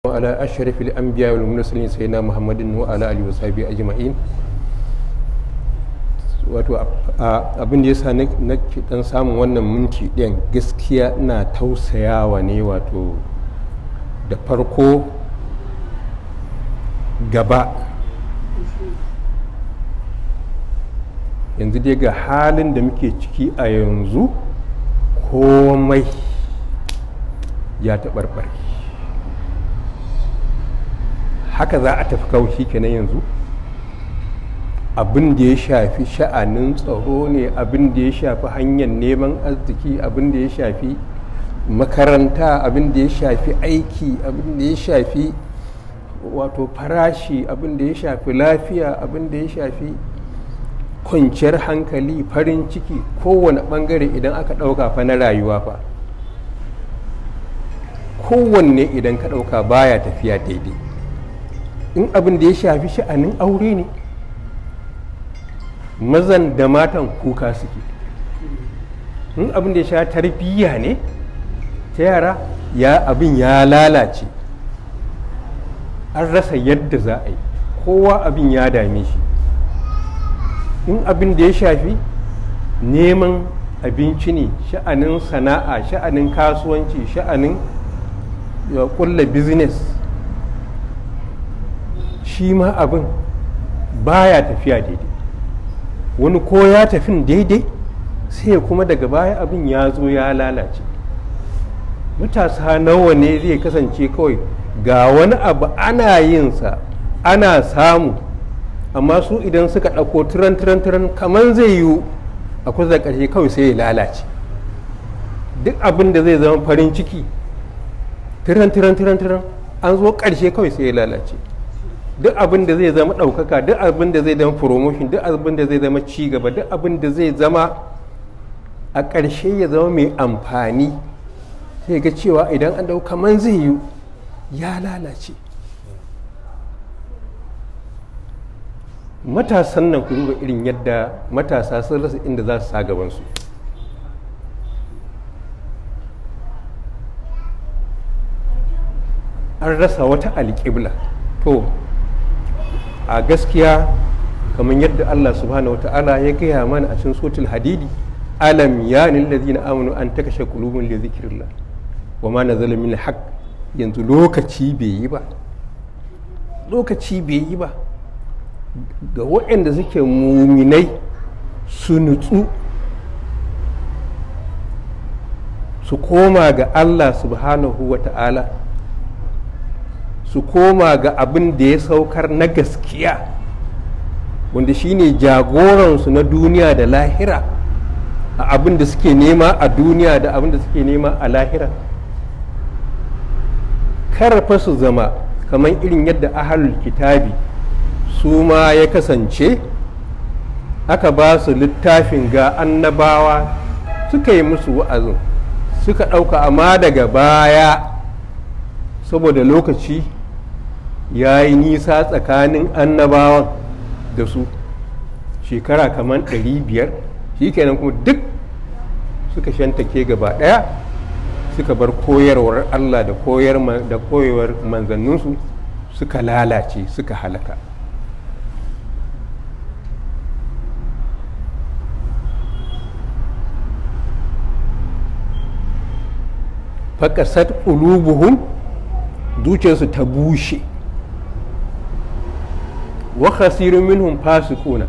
وعلى أشرف الأنبياء والمرسلين سيدنا محمد وعلى آله وصحبه أجمعين wato abin da ya sa na dan samun wannan minti ɗin gaskiya na tausayawa ne wato da farko gaba yanzu dai ga halin da muke ciki a yanzu komai ya taɓarɓarki haka za a tafi kaushi shi kenan yanzu abin da ya shafi sha'anin tsaro ne abin da ya shafi hanyar neman arziki abin da ya shafi makaranta abin da ya shafi aiki abin da ya shafi wato farashi abin da ya shafi lafiya abin da ya shafi kwanciyar hankali farin ciki kowane bangare idan aka ɗauka fa na rayuwa fa kowanne idan ka ɗauka baya tafiya daidai in abin da ya shafi sha'anin aure ne mazan da matan kuka suke in abin da ya sha tarbiyya ne ta yara ya abin ya lalace an rasa yadda za a yi kowa abin ya dame shi in abin da ya shafi neman abinci ne sha'anin sana'a sha'anin kasuwanci sha'anin ya kulla business shi ma abin baya tafiya daidai wani ko ya tafin daidai sai kuma daga baya abin ya zo ya lalace matasa nawa ne zai kasance kawai ga wani abu ana yin sa ana samu amma su idan suka ɗauko turan turan turan kamar zai yiwu a kusa da ƙarshe kawai sai ya lalace duk abin da zai zama farin ciki turan turan turan turan an zo ƙarshe kawai sai ya lalace duk abin da zai zama ɗaukaka duk abin da zai zama promotion duk abin da zai zama cigaba duk abin da zai zama a ƙarshe ya zama mai amfani sai ga cewa idan an ɗauka man zai yi ya lalace matasan nan ku duba irin yadda matasa sun rasa inda za su sa gabansu an rasa wata alƙibla to a gaskiya kamar yadda Allah subhanahu wata'ala ya gaya mana a cikin sotul hadidi alam ya lil na amanu an shi kulubun da zikirla wa ma na zalami na haqq yanzu lokaci bai yi ba lokaci bai yi ba ga waɗanda suke muminai su nutsu su koma ga Allah subhanahu wa ta'ala su koma ga abin da ya saukar na gaskiya wanda shine jagoransu na duniya da lahira a abin da suke nema a duniya da abin da suke nema a lahira karfa su zama kamar irin yadda ahalul kitabi su ma ya kasance aka ba su littafin ga annabawa suka yi musu wa'azin suka ɗauka amma daga baya saboda lokaci ya yi nisa tsakanin annabawan da su shekara kamar 500 shi kenan kuma duk suka shantake gaba ɗaya suka bar koyarwar allah da koyarwar manzanninsu suka lalace suka halaka faƙasar ƙulubuhun zuciyarsu ta bushe wa khasirun minhum fasikuna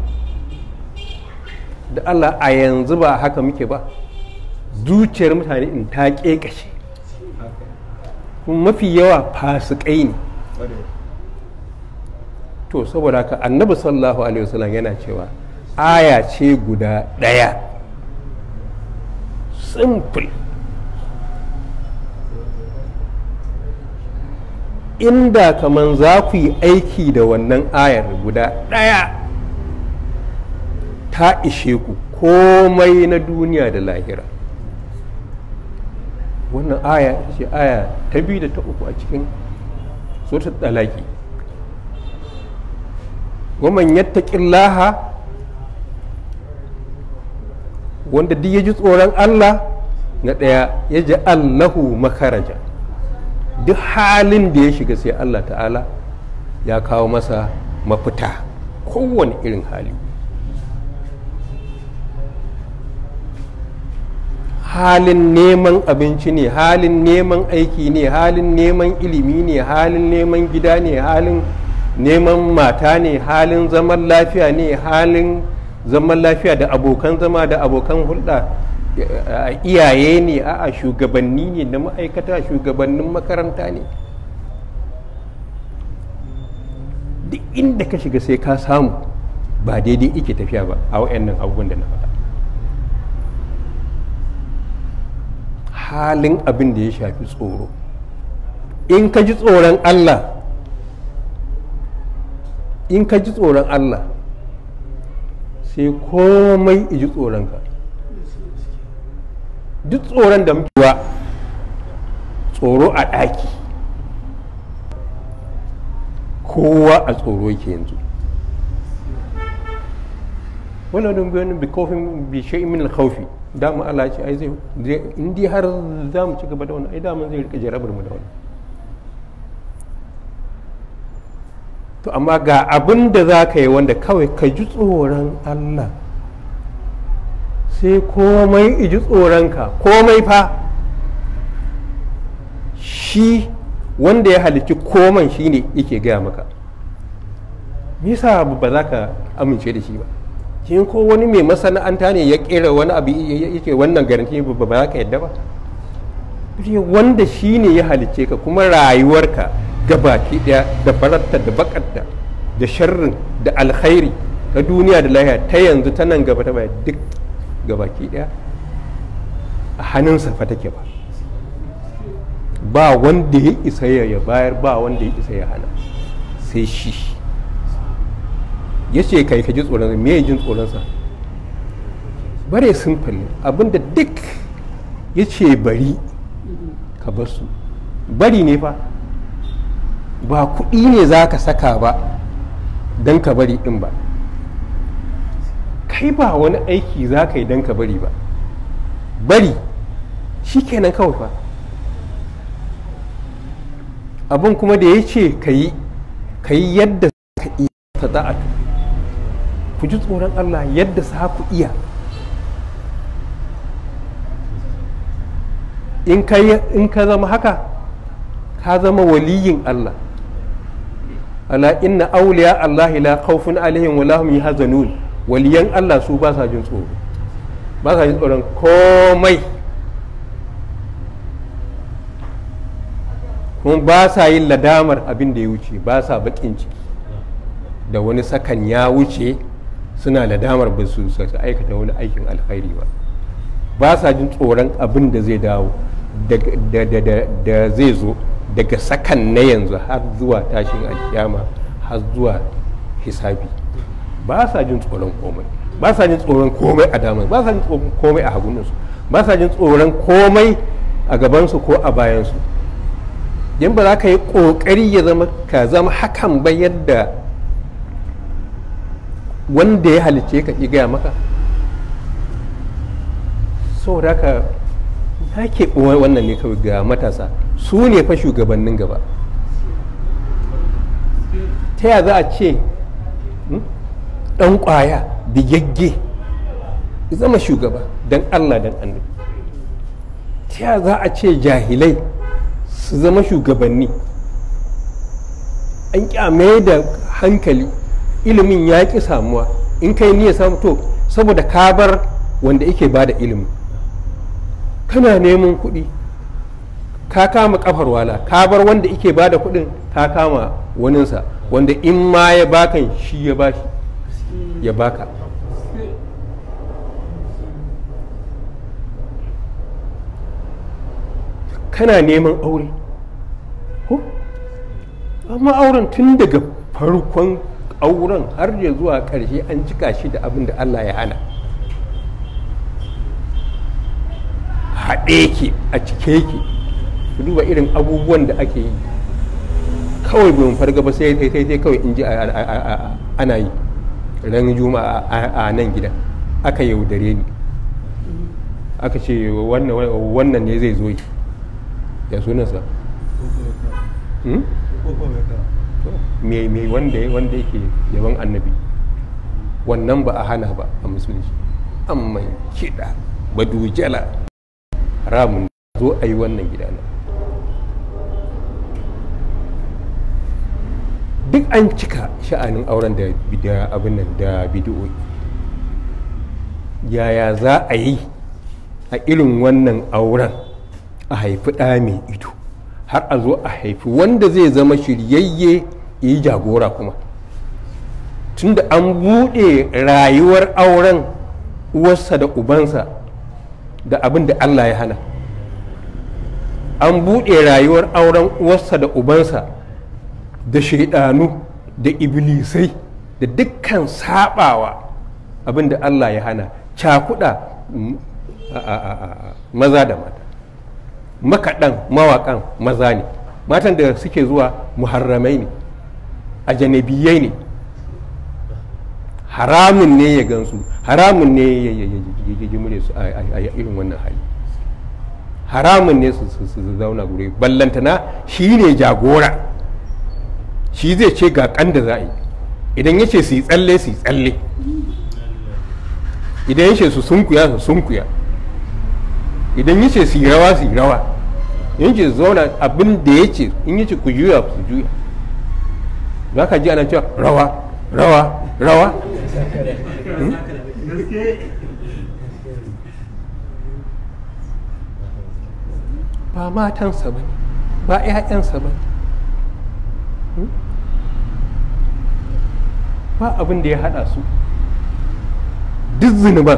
da Allah a yanzu ba haka muke ba zuciyar mutane in ta kekashe kuma mafi yawa fasikai ne to saboda haka annabi sallallahu alaihi wasallam yana cewa aya ce guda ɗaya simple inda kaman za ku yi aiki da wannan ayar guda ɗaya ta ishe ku komai na duniya da lahira wannan aya ce aya ta biyu da ta uku a cikin sotar ɗalaƙi waman laha wanda duk ya ji tsoron Allah na ɗaya ya ji Allahu makaraja duk halin da ya shiga sai Allah ta'ala ya kawo masa mafita kowane irin hali halin neman abinci ne halin neman aiki ne halin neman ilimi ne halin neman gida ne halin neman mata ne halin zaman lafiya ne halin zaman lafiya da abokan zama da abokan hulɗa iyaye ne a'a shugabanni ne na ma'aikata shugabannin makaranta ne duk inda ka shiga sai ka samu ba daidai ike tafiya ba a wa'annan abubuwan da na faɗa halin abin da ya shafi tsoro in ka ji tsoron allah in ka ji tsoron allah sai komai tsoron tsoronka duk tsoron da wa tsoro a ɗaki kowa a tsoro yake yanzu wani don biyan wani bi min dama Allah ce ai zai in har za mu ci gaba da wani ai dama zai rika jarabar mu da wani to amma ga abin da za ka yi wanda kawai ka ji tsoron Allah sai komai iji tsoronka komai fa shi wanda ya halici komai shi ne yake gaya maka nisa ba za ka amince da shi ba kin ko wani mai masana'anta ne ya kera wani abu yake wannan garanti ba za ka yadda ba wanda shi ne ya halice ka kuma rayuwarka ga baki daya da faranta da bakarta da sharrin da alkhairi ta duniya da lahiya ta yanzu ta nan gaba ta baya duk ga baki daya a hannunsa fa take ba ba wanda ya isa ya bayar ba wanda ya isa ya hana sai shi ya ce kai ka ji tsoron me jin tsoronsa bare simfali abinda duk ya ce bari ka bar su bari ne fa ba kuɗi ne za ka saka ba don ka bari ɗin ba kai ba wani aiki za ka yi don ka bari ba bari shi kenan kawai ba abin kuma da ya ce ka yi ka yi yadda ka iya ta ku ji tsoron Allah yadda sa ku iya in ka zama haka ka zama waliyin Allah ala inna auliya Allah la khawfun alaihim wa lahum yahzanun waliyan Allah su ba sa jin tsoro ba sa jin tsoron komai kuma ba sa yin ladamar abin da ya wuce ba sa bakin ciki da wani sakan ya wuce suna ladamar ba su aikata wani aikin alkhairi ba ba sa jin tsoron abin da zai dawo da zai zo daga sakan na yanzu har zuwa tashin alkiyama har zuwa hisabi ba sa jin tsoron komai ba sa jin tsoron komai a damar ba sa jin tsoron komai a hagunansu ba sa jin tsoron komai a gabansu ko a bayansu yin ba za ka yi ƙoƙari ya zama ka zama hakan ba yadda wanda ya halice ka gaya maka saboda ka na ke wannan ne kawai ga matasa su ne fa shugabannin gaba ta ya za a ce dan ɗan ƙwaya bigagge zama shugaba don allah don annabi ta za a ce jahilai su zama shugabanni an kyame da hankali ilimin ya ki samuwa in kai niyya samu to saboda kabar bar wanda yake ba da ilimi kana neman kuɗi ka kama kafar wala kabar wanda yake ba da kuɗin ka kama waninsa wanda in ma ya bakan shi ya bashi ya baka kana neman aure ko amma auren tun daga farkon auren har ya zuwa ƙarshe an cika shi da abin da allah ya hana haɗe ke a cike ke duba irin abubuwan da ake yi kawai bai farga ba sai sai kawai in ji ana yi ran juma'a a nan gidan aka yaudare ni aka ce wannan ne zai zo yi ya sunansa mai hmm? wanda yake yaban annabi wannan ba a hana ba a musulunci amma kiɗa badujala ramun zo a yi wannan gidana duk an cika sha'anin auren da abin nan da bidiyo yaya za a yi a irin wannan auren a haifi ɗa mai ido har a zo a haifi wanda zai zama shiryayye yi jagora kuma tunda an buɗe rayuwar auren uwarsa da ubansa da abin da allah ya hana an buɗe rayuwar auren uwarsa da ubansa da shaidanu da iblisai da dukkan sabawa abinda Allah ya hana cakuda mm, maza da mata makaɗan mawaƙan maza ne matan da suke zuwa muharramai ne a janabiyai ne haramun ne ya gansu haramun ne ya su a irin wannan hali haramun ne su zauna gure ballantana shi ne jagora shi zai ce ga kan da za a yi idan ya ce su yi tsalle su yi tsalle idan ya ce su sunkuya su sunkuya idan ya ce su yi rawa su yi rawa in ce zauna abin da ya ce in ya ce ku juya ku juya za ka ji ana cewa rawa rawa rawa hmm? ba matansa ba ne ba 'ya'yansa ba ne ba abin da ya hada su duk zunuban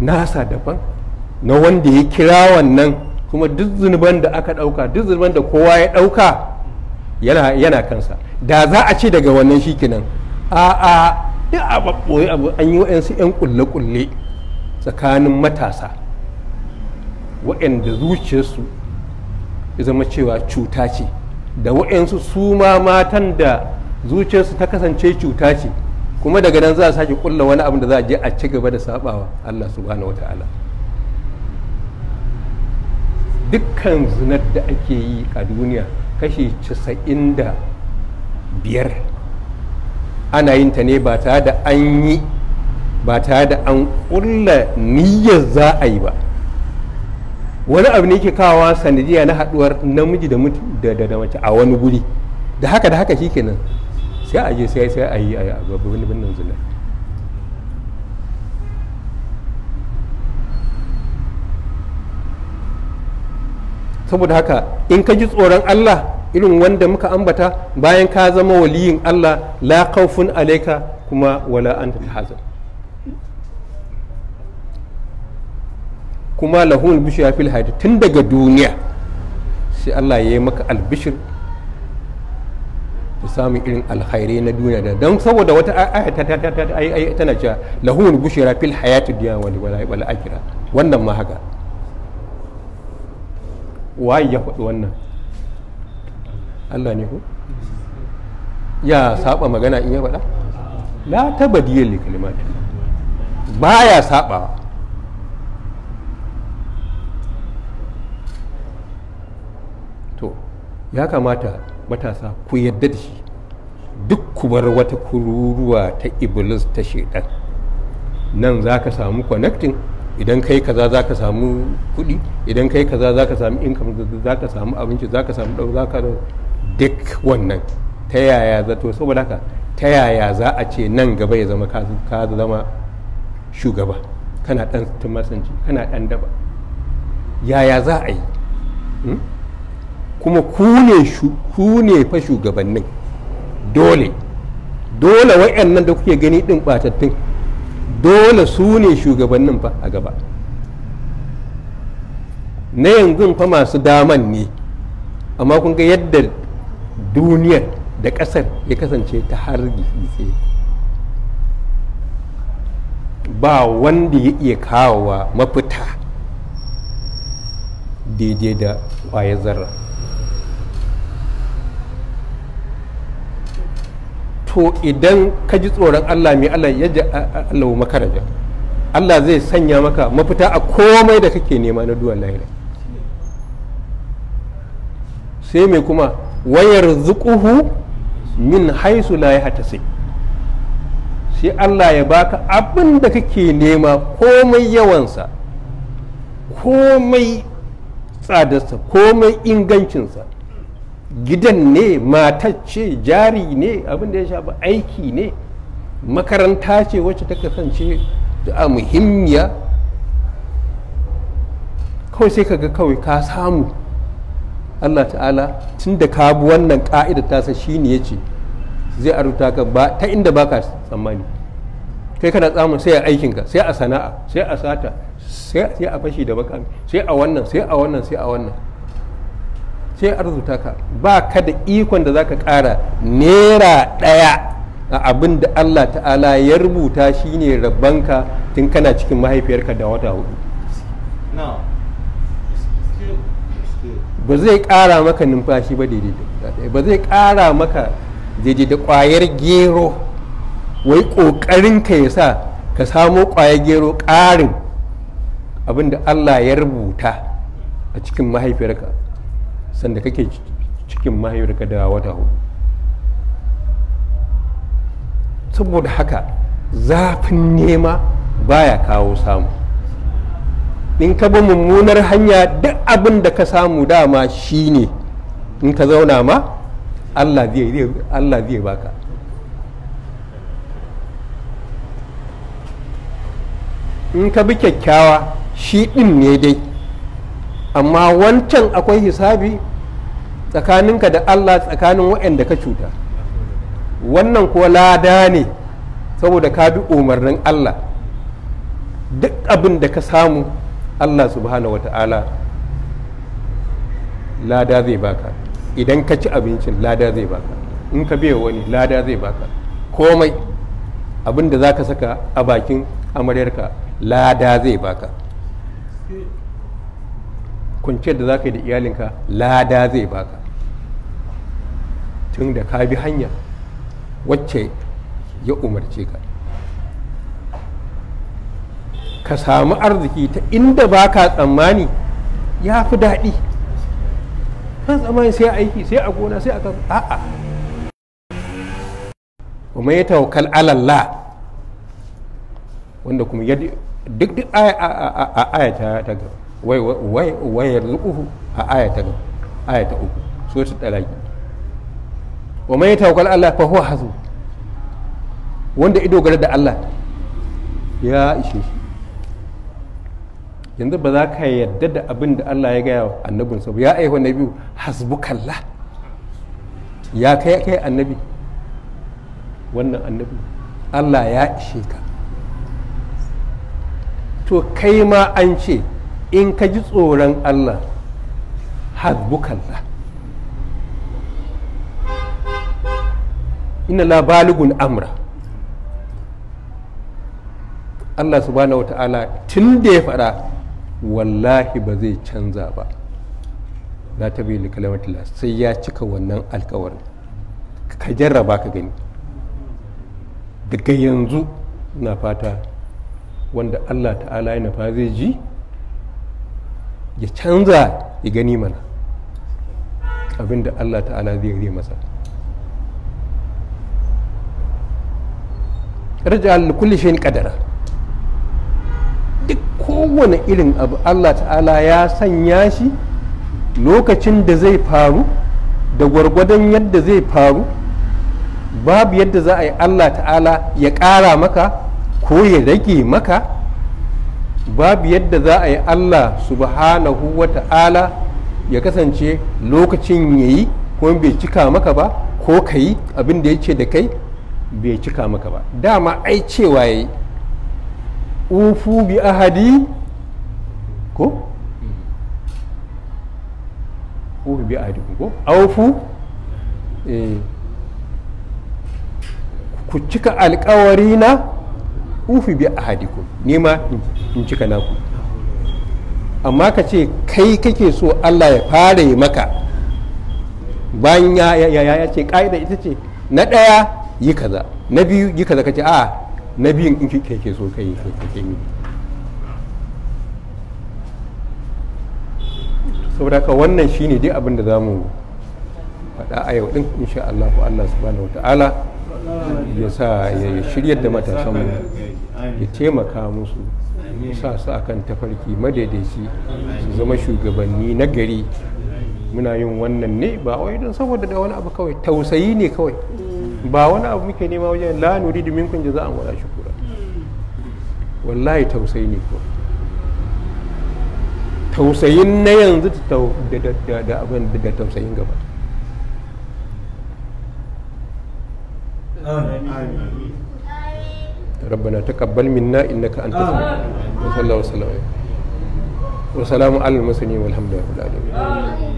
nasa daban na wanda ya kira wannan kuma duk zunuban da aka dauka duk zunuban da kowa ya dauka yana, kansa da za a ce daga wannan shikenan a a ya a abu an yi wa'yansu 'yan kulle-kulle tsakanin matasa wa'yanda zuciyarsu ya zama cewa cuta ce da wa'yansu su ma matan da zuciyarsu ta kasance cuta ce kuma daga nan za a sake kulla wani abu da za a je a ci gaba da sabawa Allah subhanahu wata'ala dukkan zinar da ake yi a duniya kashi casa'in da biyar ana yin ta ne ba tare da an yi ba tare da an kulla niyyar za a yi ba wani abu ne ke kawo sanadiyya na haduwar namiji da mace a wani guri da haka da haka kenan sai a je sai sai a yi a babban binnin zulai saboda haka in ka ji tsoron Allah irin wanda muka ambata bayan ka zama waliyin Allah la khawfun alaika kuma wala anta tahzan kuma lahul bishiya fil hayat tun daga duniya sai Allah ya yi maka albishir da samun irin alkhairai na duniya da don saboda wata aya tana cewa lahun bushira fil hayatu diya wal wal akhirah wannan ma haka waye ya faɗi wannan Allah ne ko ya saba magana in ya faɗa la tabadiyya li kalimati baya sabawa to ya kamata matasa ku yadda da shi duk ku bar wata kururuwa ta iblis ta shaidan nan za ka samu connecting idan kai kaza za ka samu kuɗi idan kai kaza za ka samu income za ka samu abinci za ka samu za ka duk wannan ta yaya za to saboda haka ta yaya za a ce nan gaba ya zama ka zama shugaba kana ɗan tumasanci kana ɗan daba yaya za a yi hmm? kuma ku ne fa shugabannin dole dole wa'annan da kuke gani din batattun dole su ne shugabannin fa a gaba na yanzu fa masu daman ne amma kun ga yadda duniyar da ƙasar ya kasance ta har tsaye ba wanda ya iya kawowa mafita daidai da ƙwayar zarra to idan ka ji tsoron Allah mai Allah ya ji Allah makaraja Allah zai sanya maka mafita a komai da kake nema na duwan lahira sai mai kuma wayar zuƙuhu min haisu la ya sai sai Allah ya baka abin da kake nema komai yawansa komai tsadarsa komai ingancinsa gidan ne matacce jari ne abin da ya shafi aiki ne makaranta ce wacce ta kasance da muhimmiya kawai sai ka ga kawai ka samu allah ta'ala tun da ka bi wannan ta tasa shi ne ya ce zai aruta ka ba ta inda ba ka tsammani kai kana tsamun sai a aikinka sai a sana'a sai a sata sai a fashi da bakami sai a wannan sai a wannan sai a wannan sai arzuta ka ba ka da ikon da za ka ƙara naira ɗaya a abin da Allah ta'ala ya rubuta shi ne rabbanka tun kana cikin mahaifiyarka da wata hudu ba zai ƙara maka numfashi ba daidai ba zai ƙara maka daidai da kwayar gero wai ƙoƙarin ka ya sa ka samo ƙwayar gero ƙarin abin da Allah ya rubuta a cikin mahaifiyarka sanda kake cikin mahaifiyarka da wata hudu saboda haka zafin nema baya kawo samu in ka bi mummunar hanya duk abin da ka samu dama shi ne in ka zauna ma allah zai baka in ka bi kyakkyawa shi din ne dai amma wancan akwai hisabi tsakaninka da Allah tsakanin waɗanda ka cuta wannan kuwa lada ne saboda ka bi umarnin Allah duk abin da ka samu Allah subhanahu wata'ala lada zai baka idan ka ci abincin lada zai baka in ka biya wani lada zai baka komai abin da za ka saka a bakin amaryarka lada zai baka kwanciyar da za ka yi da iyalinka lada zai baka tun da ka bi hanya wacce ya umarce ka ka samu arziki ta inda ba ka tsammani ya fi daɗi kan tsammani sai aiki sai a gona sai a kan a'a kuma ya tawakal alalla wanda kuma duk duk aya ta gaba wai uku a ayata uku suratul talaqi wa mai yatawakkal Allah fa huwa hazu wanda ido gare da Allah ya ishe shi yanzu ba za ka yadda da abin da Allah ya gaya wa annabin ba ya aiwa na biyu kalla ya kai kai annabi wannan annabi Allah ya ishe ka to kai ma an ce in ka ji tsoron Allah hasbukallah ina labaligul amra Allah subhanahu wa ta'ala tun da ya fara wallahi ba zai canza ba za ta bi kalamatila sai ya cika wannan alkawarin ka jarraba ka gani daga yanzu na fata wanda Allah ta'ala ya fa zai ji ya canza ya gani mana abinda Allah ta'ala zai zai masa raja'al kulli shayin kadara duk kowane irin abu Allah ta'ala ya sanya shi lokacin da zai faru da gwargwadon yadda zai faru babu yadda za a yi Allah ta'ala ya ƙara maka ko ya rage maka babu yadda za a yi Allah subhanahu wa ta'ala ya kasance lokacin ya yi ko bai cika maka ba ko ka yi abin da ya ce da kai bai cika maka ba dama ai cewa ya yi ufu bi ahadi ko? ufu bi ahadi ko? aufu eh, ku cika alkawari na ufi bi a hadiku ma in cika naku amma ka ce kai kake so Allah ya fara yi maka bayan ya ya ya ce ka'ida ita ce na ɗaya yi kaza na biyu yi kaza kace a na biyun in kake so kai kake yi saboda ka wannan shine dai abin da za mu faɗa a yau ɗin insha Allah ko Allah subhanahu wa ta'ala ya sa ya shiryar da matasan mu ya taimaka musu sa su akan tafarki madaidaici su zama shugabanni na gari muna yin wannan ne ba wai don saboda da wani abu kawai tausayi ne kawai ba wani abu muke nema wajen la nuri nuridu minkum jaza'an wala kura wallahi tausayi ne ko tausayin na yanzu da abin da tausayin gaba ربنا تقبل منا انك انت السميع وصلى الله وسلم وسلام على المرسلين والحمد لله رب العالمين